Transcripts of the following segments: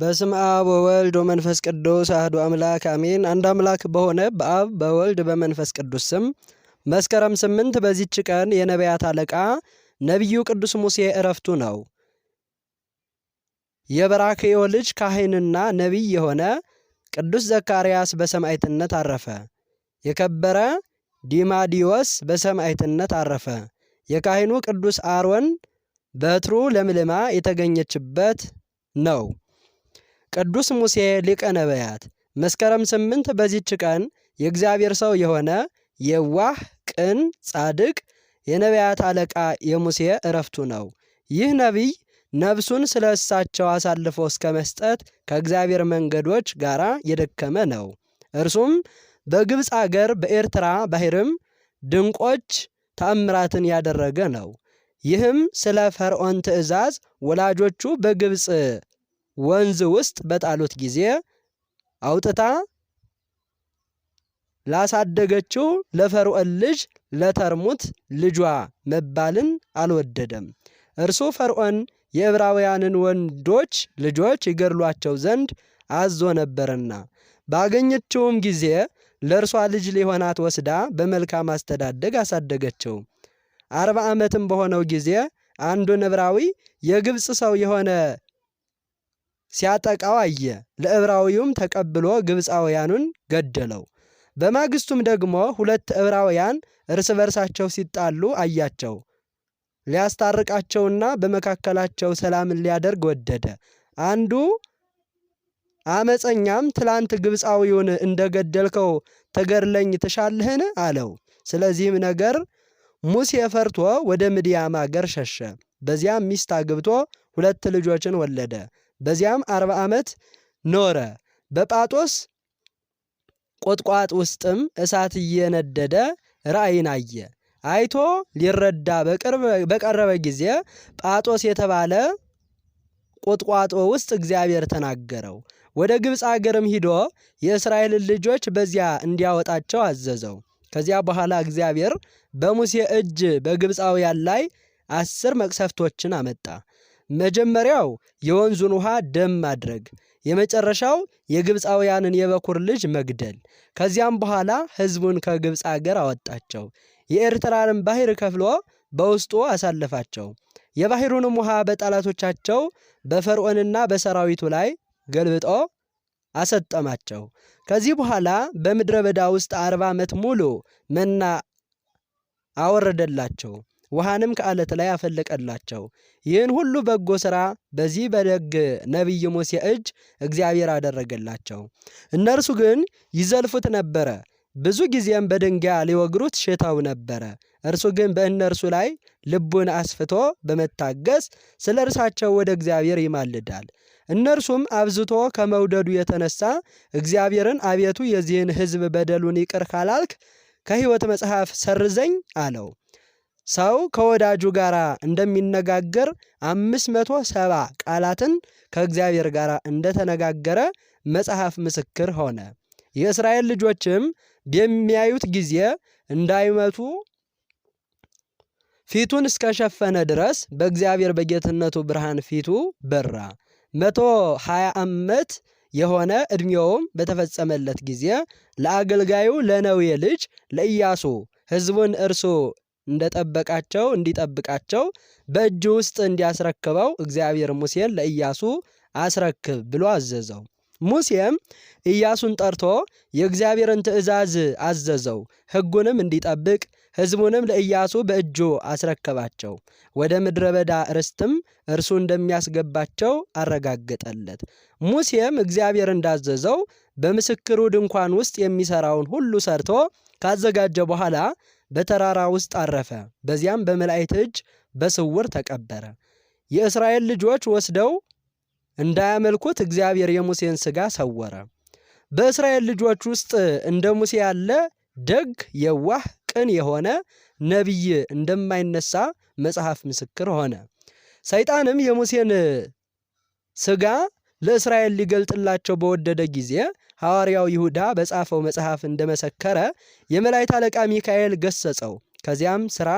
በስም አብ ወወልድ ወመንፈስ ቅዱስ አህዱ አምላክ አሜን። አንድ አምላክ በሆነ በአብ በወልድ በመንፈስ ቅዱስ ስም መስከረም ስምንት በዚች ቀን የነቢያት አለቃ ነቢዩ ቅዱስ ሙሴ እረፍቱ ነው። የበራክዮ ልጅ ካህንና ነቢይ የሆነ ቅዱስ ዘካርያስ በሰማዕትነት አረፈ። የከበረ ዲማዲዮስ በሰማዕትነት አረፈ። የካህኑ ቅዱስ አሮን በትሩ ለምልማ የተገኘችበት ነው። ቅዱስ ሙሴ ሊቀ ነቢያት መስከረም ስምንት በዚች ቀን የእግዚአብሔር ሰው የሆነ የዋህ ቅን ጻድቅ የነቢያት አለቃ የሙሴ እረፍቱ ነው። ይህ ነቢይ ነብሱን ስለ እሳቸው አሳልፎ እስከ መስጠት ከእግዚአብሔር መንገዶች ጋር የደከመ ነው። እርሱም በግብፅ አገር በኤርትራ ባሕርም ድንቆች ተአምራትን ያደረገ ነው። ይህም ስለ ፈርዖን ትእዛዝ ወላጆቹ በግብፅ ወንዝ ውስጥ በጣሉት ጊዜ አውጥታ ላሳደገችው ለፈርዖን ልጅ ለተርሙት ልጇ መባልን አልወደደም። እርሱ ፈርዖን የዕብራውያንን ወንዶች ልጆች ይገድሏቸው ዘንድ አዞ ነበርና ባገኘችውም ጊዜ ለእርሷ ልጅ ሊሆናት ወስዳ በመልካም አስተዳደግ አሳደገችው። አርባ ዓመትም በሆነው ጊዜ አንዱን ዕብራዊ የግብፅ ሰው የሆነ ሲያጠቃው አየ። ለዕብራዊውም ተቀብሎ ግብፃውያኑን ገደለው። በማግስቱም ደግሞ ሁለት ዕብራውያን እርስ በርሳቸው ሲጣሉ አያቸው። ሊያስታርቃቸውና በመካከላቸው ሰላምን ሊያደርግ ወደደ። አንዱ አመፀኛም ትላንት ግብፃዊውን እንደገደልከው ትገድለኝ ትሻልህን? አለው። ስለዚህም ነገር ሙሴ ፈርቶ ወደ ምድያም አገር ሸሸ። በዚያም ሚስት አግብቶ ሁለት ልጆችን ወለደ። በዚያም አርባ ዓመት ኖረ። በጳጦስ ቁጥቋጥ ውስጥም እሳት እየነደደ ራእይን አየ። አይቶ ሊረዳ በቀረበ ጊዜ ጳጦስ የተባለ ቁጥቋጦ ውስጥ እግዚአብሔር ተናገረው። ወደ ግብፅ አገርም ሂዶ የእስራኤልን ልጆች በዚያ እንዲያወጣቸው አዘዘው። ከዚያ በኋላ እግዚአብሔር በሙሴ እጅ በግብፃውያን ላይ አስር መቅሰፍቶችን አመጣ። መጀመሪያው የወንዙን ውሃ ደም ማድረግ፣ የመጨረሻው የግብፃውያንን የበኩር ልጅ መግደል። ከዚያም በኋላ ሕዝቡን ከግብፅ አገር አወጣቸው። የኤርትራንም ባሕር ከፍሎ በውስጡ አሳለፋቸው። የባሕሩንም ውሃ በጠላቶቻቸው በፈርዖንና በሰራዊቱ ላይ ገልብጦ አሰጠማቸው። ከዚህ በኋላ በምድረ በዳ ውስጥ አርባ ዓመት ሙሉ መና አወረደላቸው። ውሃንም ከአለት ላይ አፈለቀላቸው። ይህን ሁሉ በጎ ሥራ በዚህ በደግ ነቢይ ሙሴ እጅ እግዚአብሔር አደረገላቸው። እነርሱ ግን ይዘልፉት ነበረ፣ ብዙ ጊዜም በድንጋይ ሊወግሩት ሽተው ነበረ። እርሱ ግን በእነርሱ ላይ ልቡን አስፍቶ በመታገስ ስለ እርሳቸው ወደ እግዚአብሔር ይማልዳል። እነርሱም አብዝቶ ከመውደዱ የተነሳ እግዚአብሔርን አቤቱ የዚህን ሕዝብ በደሉን ይቅር ካላልክ ከሕይወት መጽሐፍ ሰርዘኝ አለው። ሰው ከወዳጁ ጋር እንደሚነጋገር አምስት መቶ ሰባ ቃላትን ከእግዚአብሔር ጋር እንደተነጋገረ መጽሐፍ ምስክር ሆነ። የእስራኤል ልጆችም በሚያዩት ጊዜ እንዳይመቱ ፊቱን እስከሸፈነ ድረስ በእግዚአብሔር በጌትነቱ ብርሃን ፊቱ በራ። መቶ ሀያ ዓመት የሆነ ዕድሜውም በተፈጸመለት ጊዜ ለአገልጋዩ ለነዌ ልጅ ለኢያሱ ሕዝቡን እርሱ እንደጠበቃቸው እንዲጠብቃቸው በእጁ ውስጥ እንዲያስረክበው እግዚአብሔር ሙሴን ለኢያሱ አስረክብ ብሎ አዘዘው። ሙሴም ኢያሱን ጠርቶ የእግዚአብሔርን ትእዛዝ አዘዘው። ሕጉንም እንዲጠብቅ ሕዝቡንም ለኢያሱ በእጁ አስረከባቸው። ወደ ምድረ በዳ ርስትም እርሱ እንደሚያስገባቸው አረጋገጠለት። ሙሴም እግዚአብሔር እንዳዘዘው በምስክሩ ድንኳን ውስጥ የሚሠራውን ሁሉ ሰርቶ ካዘጋጀ በኋላ በተራራ ውስጥ አረፈ። በዚያም በመላእክት እጅ በስውር ተቀበረ። የእስራኤል ልጆች ወስደው እንዳያመልኩት እግዚአብሔር የሙሴን ሥጋ ሰወረ። በእስራኤል ልጆች ውስጥ እንደ ሙሴ ያለ ደግ፣ የዋህ፣ ቅን የሆነ ነቢይ እንደማይነሳ መጽሐፍ ምስክር ሆነ። ሰይጣንም የሙሴን ሥጋ ለእስራኤል ሊገልጥላቸው በወደደ ጊዜ ሐዋርያው ይሁዳ በጻፈው መጽሐፍ እንደመሰከረ የመላእክት አለቃ ሚካኤል ገሰጸው፣ ከዚያም ሥራ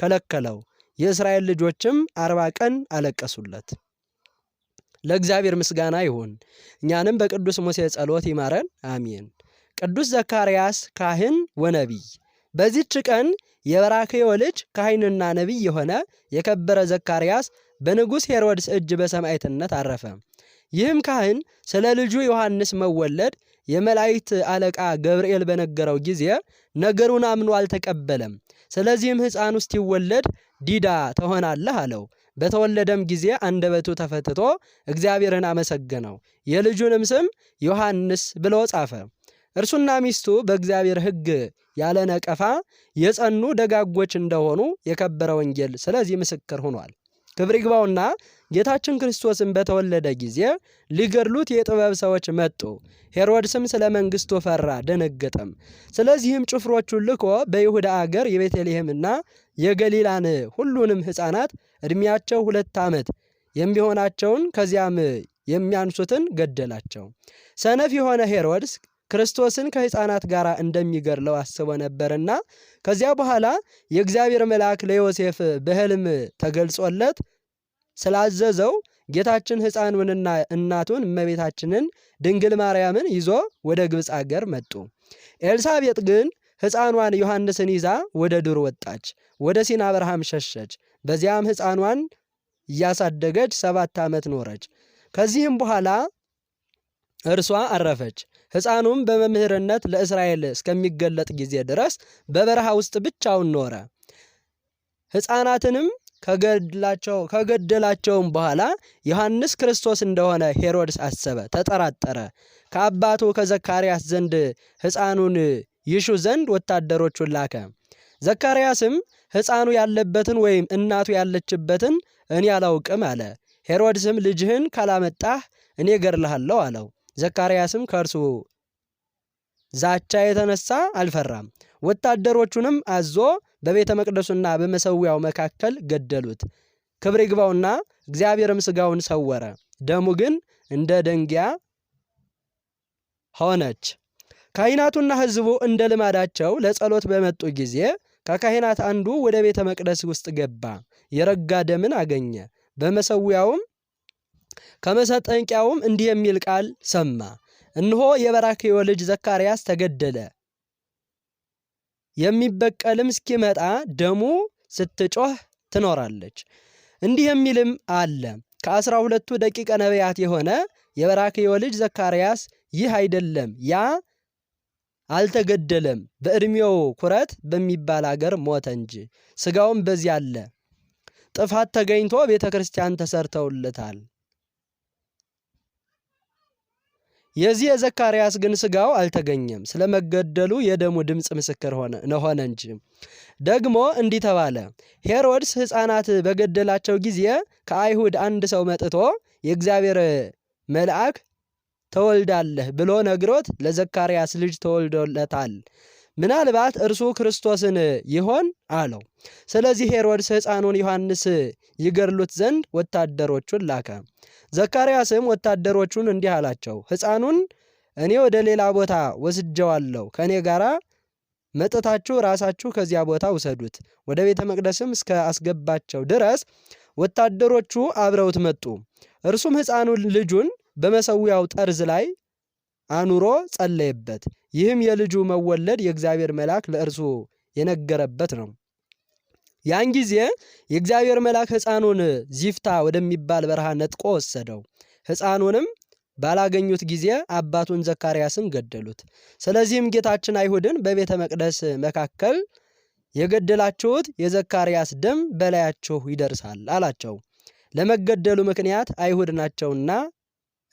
ከለከለው። የእስራኤል ልጆችም አርባ ቀን አለቀሱለት። ለእግዚአብሔር ምስጋና ይሁን፣ እኛንም በቅዱስ ሙሴ ጸሎት ይማረን፣ አሚን ቅዱስ ዘካርያስ ካህን ወነቢይ። በዚች ቀን የበራክዮ ልጅ ካህንና ነቢይ የሆነ የከበረ ዘካርያስ በንጉሥ ሄሮድስ እጅ በሰማዕትነት አረፈ። ይህም ካህን ስለ ልጁ ዮሐንስ መወለድ የመላእክት አለቃ ገብርኤል በነገረው ጊዜ ነገሩን አምኖ አልተቀበለም። ስለዚህም ሕፃን ውስጥ ይወለድ ዲዳ ትሆናለህ አለው። በተወለደም ጊዜ አንደበቱ ተፈትቶ እግዚአብሔርን አመሰገነው። የልጁንም ስም ዮሐንስ ብሎ ጻፈ። እርሱና ሚስቱ በእግዚአብሔር ሕግ ያለ ነቀፋ የጸኑ ደጋጎች እንደሆኑ የከበረ ወንጌል ስለዚህ ምስክር ሆኗል። ክብር ይግባውና ጌታችን ክርስቶስን በተወለደ ጊዜ ሊገድሉት የጥበብ ሰዎች መጡ። ሄሮድስም ስለ መንግስቱ ፈራ፣ ደነገጠም። ስለዚህም ጭፍሮቹን ልኮ በይሁዳ አገር የቤተልሔምና የገሊላን ሁሉንም ሕፃናት ዕድሜያቸው ሁለት ዓመት የሚሆናቸውን ከዚያም የሚያንሱትን ገደላቸው። ሰነፍ የሆነ ሄሮድስ ክርስቶስን ከሕፃናት ጋር እንደሚገድለው አስቦ ነበርና ከዚያ በኋላ የእግዚአብሔር መልአክ ለዮሴፍ በሕልም ተገልጾለት ስላዘዘው ጌታችን ሕፃኑንና እናቱን እመቤታችንን ድንግል ማርያምን ይዞ ወደ ግብፅ አገር መጡ። ኤልሳቤጥ ግን ሕፃኗን ዮሐንስን ይዛ ወደ ዱር ወጣች፣ ወደ ሲና በረሃም ሸሸች። በዚያም ሕፃኗን እያሳደገች ሰባት ዓመት ኖረች። ከዚህም በኋላ እርሷ አረፈች። ሕፃኑም በመምህርነት ለእስራኤል እስከሚገለጥ ጊዜ ድረስ በበረሃ ውስጥ ብቻውን ኖረ። ሕፃናትንም ከገደላቸውም በኋላ ዮሐንስ ክርስቶስ እንደሆነ ሄሮድስ አሰበ፣ ተጠራጠረ። ከአባቱ ከዘካርያስ ዘንድ ሕፃኑን ይሹ ዘንድ ወታደሮቹን ላከ። ዘካርያስም ሕፃኑ ያለበትን ወይም እናቱ ያለችበትን እኔ አላውቅም አለ። ሄሮድስም ልጅህን ካላመጣህ እኔ እገድልሃለሁ አለው። ዘካርያስም ከእርሱ ዛቻ የተነሳ አልፈራም። ወታደሮቹንም አዞ በቤተ መቅደሱና በመሰዊያው መካከል ገደሉት። ክብር ይግባውና እግዚአብሔርም ስጋውን ሰወረ፣ ደሙ ግን እንደ ደንጊያ ሆነች። ካህናቱና ሕዝቡ እንደ ልማዳቸው ለጸሎት በመጡ ጊዜ ከካህናት አንዱ ወደ ቤተ መቅደስ ውስጥ ገባ፣ የረጋ ደምን አገኘ። በመሰዊያውም ከመሰጠንቂያውም እንዲህ የሚል ቃል ሰማ። እንሆ የበራክዮ ልጅ ዘካርያስ ተገደለ፣ የሚበቀልም እስኪመጣ ደሙ ስትጮህ ትኖራለች። እንዲህ የሚልም አለ ከአስራ ሁለቱ ደቂቀ ነቢያት የሆነ የበራክዮ ልጅ ዘካርያስ ይህ አይደለም፣ ያ አልተገደለም፣ በእድሜው ኩረት በሚባል አገር ሞተ እንጂ ስጋውም በዚያ አለ። ጥፋት ተገኝቶ ቤተ ክርስቲያን ተሰርተውለታል። የዚህ የዘካርያስ ግን ስጋው አልተገኘም፣ ስለመገደሉ የደሙ ድምፅ ምስክር ሆነ እንጂ። ደግሞ እንዲህ ተባለ፣ ሄሮድስ ሕፃናት በገደላቸው ጊዜ ከአይሁድ አንድ ሰው መጥቶ የእግዚአብሔር መልአክ ተወልዳለህ ብሎ ነግሮት ለዘካርያስ ልጅ ተወልዶለታል ምናልባት እርሱ ክርስቶስን ይሆን አለው። ስለዚህ ሄሮድስ ሕፃኑን ዮሐንስ ይገድሉት ዘንድ ወታደሮቹን ላከ። ዘካርያስም ወታደሮቹን እንዲህ አላቸው፣ ሕፃኑን እኔ ወደ ሌላ ቦታ ወስጀዋለሁ። ከእኔ ጋር መጥታችሁ ራሳችሁ ከዚያ ቦታ ውሰዱት። ወደ ቤተ መቅደስም እስከ አስገባቸው ድረስ ወታደሮቹ አብረውት መጡ። እርሱም ሕፃኑን ልጁን በመሰዊያው ጠርዝ ላይ አኑሮ ጸለየበት። ይህም የልጁ መወለድ የእግዚአብሔር መልአክ ለእርሱ የነገረበት ነው። ያን ጊዜ የእግዚአብሔር መልአክ ሕፃኑን ዚፍታ ወደሚባል በረሃ ነጥቆ ወሰደው። ሕፃኑንም ባላገኙት ጊዜ አባቱን ዘካርያስን ገደሉት። ስለዚህም ጌታችን አይሁድን በቤተ መቅደስ መካከል የገደላችሁት የዘካርያስ ደም በላያችሁ ይደርሳል አላቸው። ለመገደሉ ምክንያት አይሁድ ናቸውና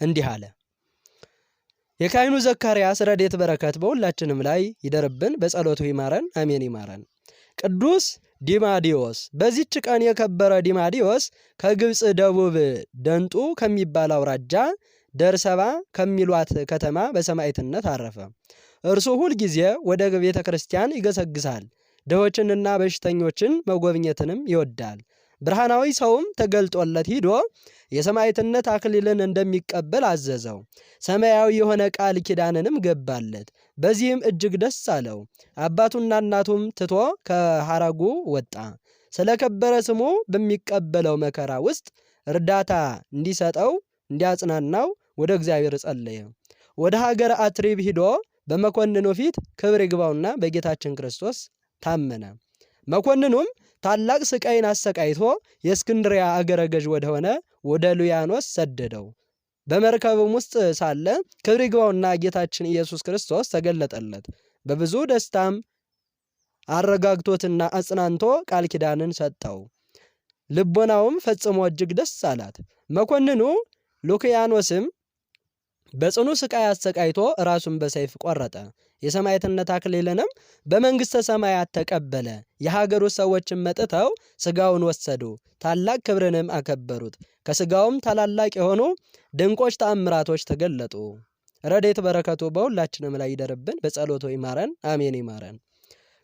እንዲህ አለ። የካህኑ ዘካርያስ ረድኤት በረከት በሁላችንም ላይ ይደርብን፣ በጸሎቱ ይማረን፣ አሜን። ይማረን። ቅዱስ ዲማዲዮስ በዚች ቀን የከበረ ዲማዲዮስ ከግብፅ ደቡብ ደንጡ ከሚባል አውራጃ ደርሰባ ከሚሏት ከተማ በሰማዕትነት አረፈ። እርሱ ሁልጊዜ ወደ ቤተ ክርስቲያን ይገሰግሳል። ድሆችንና በሽተኞችን መጎብኘትንም ይወዳል። ብርሃናዊ ሰውም ተገልጦለት ሂዶ የሰማዕትነት አክሊልን እንደሚቀበል አዘዘው። ሰማያዊ የሆነ ቃል ኪዳንንም ገባለት። በዚህም እጅግ ደስ አለው። አባቱና እናቱም ትቶ ከሐረጉ ወጣ። ስለ ከበረ ስሙ በሚቀበለው መከራ ውስጥ እርዳታ እንዲሰጠው እንዲያጽናናው ወደ እግዚአብሔር ጸለየ። ወደ ሀገር አትሪብ ሂዶ በመኮንኑ ፊት ክብር ይግባውና በጌታችን ክርስቶስ ታመነ። መኮንኑም ታላቅ ስቃይን አሰቃይቶ የእስክንድሪያ አገረ ገዥ ወደሆነ ወደ ሉያኖስ ሰደደው። በመርከብም ውስጥ ሳለ ክብር ጌታችን ኢየሱስ ክርስቶስ ተገለጠለት። በብዙ ደስታም አረጋግቶትና አጽናንቶ ቃል ኪዳንን ሰጠው። ልቦናውም ፈጽሞ እጅግ ደስ አላት። መኮንኑ ሉክያኖስም በጽኑ ስቃይ አሰቃይቶ ራሱን በሰይፍ ቆረጠ። የሰማዕትነት አክሊልንም በመንግሥተ ሰማያት ተቀበለ። የሀገሩ ሰዎችን መጥተው ስጋውን ወሰዱ፣ ታላቅ ክብርንም አከበሩት። ከስጋውም ታላላቅ የሆኑ ድንቆች ተአምራቶች ተገለጡ። ረዴት በረከቱ በሁላችንም ላይ ይደርብን፣ በጸሎቱ ይማረን፣ አሜን ይማረን።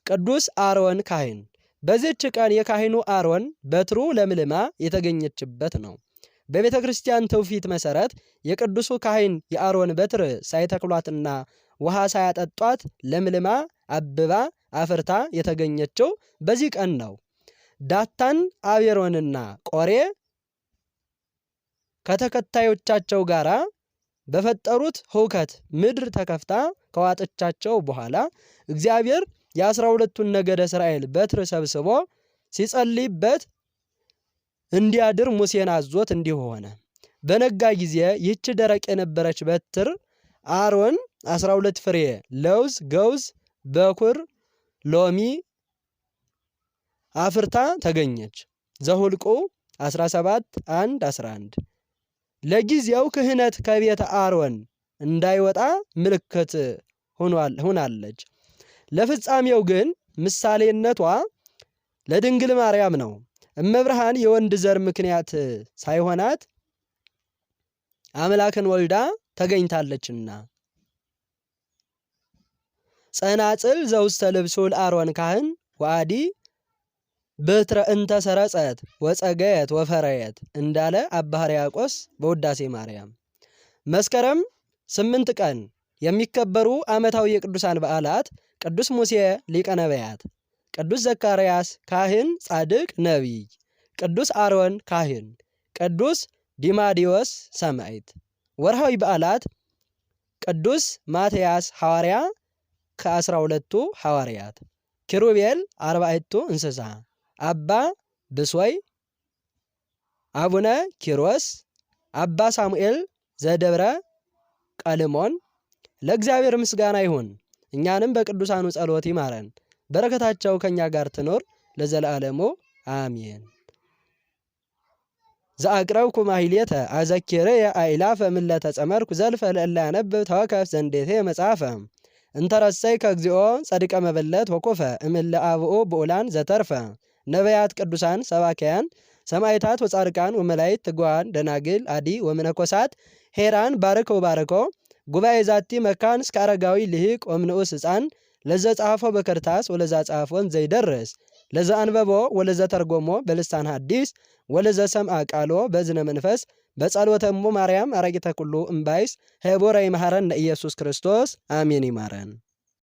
ቅዱስ አሮን ካህን። በዚች ቀን የካህኑ አሮን በትሩ ለምልማ የተገኘችበት ነው። በቤተ ክርስቲያን ትውፊት መሰረት የቅዱሱ ካህን የአሮን በትር ሳይተክሏትና ውሃ ሳያጠጧት ለምልማ አብባ አፍርታ የተገኘችው በዚህ ቀን ነው። ዳታን አቤሮንና ቆሬ ከተከታዮቻቸው ጋር በፈጠሩት ሁከት ምድር ተከፍታ ከዋጠቻቸው በኋላ እግዚአብሔር የአስራ ሁለቱን ነገደ እስራኤል በትር ሰብስቦ ሲጸልይበት እንዲያድር ሙሴን አዞት እንዲህ ሆነ። በነጋ ጊዜ ይህች ደረቅ የነበረች በትር አሮን 12 ፍሬ ለውዝ፣ ገውዝ፣ በኩር፣ ሎሚ አፍርታ ተገኘች። ዘሁልቁ 17 1 11 ለጊዜው ክህነት ከቤት አሮን እንዳይወጣ ምልክት ሆናለች። ለፍጻሜው ግን ምሳሌነቷ ለድንግል ማርያም ነው። እመብርሃን የወንድ ዘር ምክንያት ሳይሆናት አምላክን ወልዳ ተገኝታለችና ጸናጽል ዘውስተ ልብሱ ለአሮን ካህን ወአዲ በትረ እንተ ሰረጸት ወጸገየት ወፈረየት እንዳለ አባ ሕርያቆስ በውዳሴ ማርያም። መስከረም ስምንት ቀን የሚከበሩ ዓመታዊ የቅዱሳን በዓላት ቅዱስ ሙሴ ሊቀ ነቢያት ቅዱስ ዘካርያስ ካህን ጻድቅ ነቢይ፣ ቅዱስ አሮን ካህን፣ ቅዱስ ዲማዲዮስ ሰማዕት። ወርሃዊ በዓላት ቅዱስ ማትያስ ሐዋርያ ከአስራ ሁለቱ ሐዋርያት፣ ኪሩቤል አርባዕቱ እንስሳ፣ አባ ብሶይ፣ አቡነ ኪሮስ፣ አባ ሳሙኤል ዘደብረ ቀልሞን። ለእግዚአብሔር ምስጋና ይሁን፣ እኛንም በቅዱሳኑ ጸሎት ይማረን። በረከታቸው ከእኛ ጋር ትኖር ለዘላለሙ አሜን። ዘአቅረብኩ ማህሌተ አዘኬረ አእላፈ ምለተ ጸመርኩ ዘልፈ ለእለ አነብብ ተወከፍ ዘንዴቴ መጽሐፈ እንተረሰይ ከእግዚኦ ጸድቀ መበለት ወኮፈ እምለ አብኦ ብኡላን ዘተርፈ ነቢያት፣ ቅዱሳን፣ ሰባኪያን፣ ሰማይታት ወጻድቃን ወመላይት ትጉሃን፣ ደናግል፣ አዲ ወመነኮሳት ሄራን ባርከው ባርኮ ጉባኤ ዛቲ መካን እስከ አረጋዊ ልሂቅ ወምንዑስ ሕፃን ለዘ ጻፎ በከርታስ ወለዛ ጻፎን ዘይደርስ ለዘ አንበቦ ወለዘ ተርጎሞ በልሳን ሐዲስ ወለዘ ሰምአ ቃሎ በዝነ መንፈስ በጸሎተሙ ማርያም አረቂተ ኩሉ እምባይስ ህቦረ ይምሃረን ኢየሱስ ክርስቶስ አሜን። ይማረን።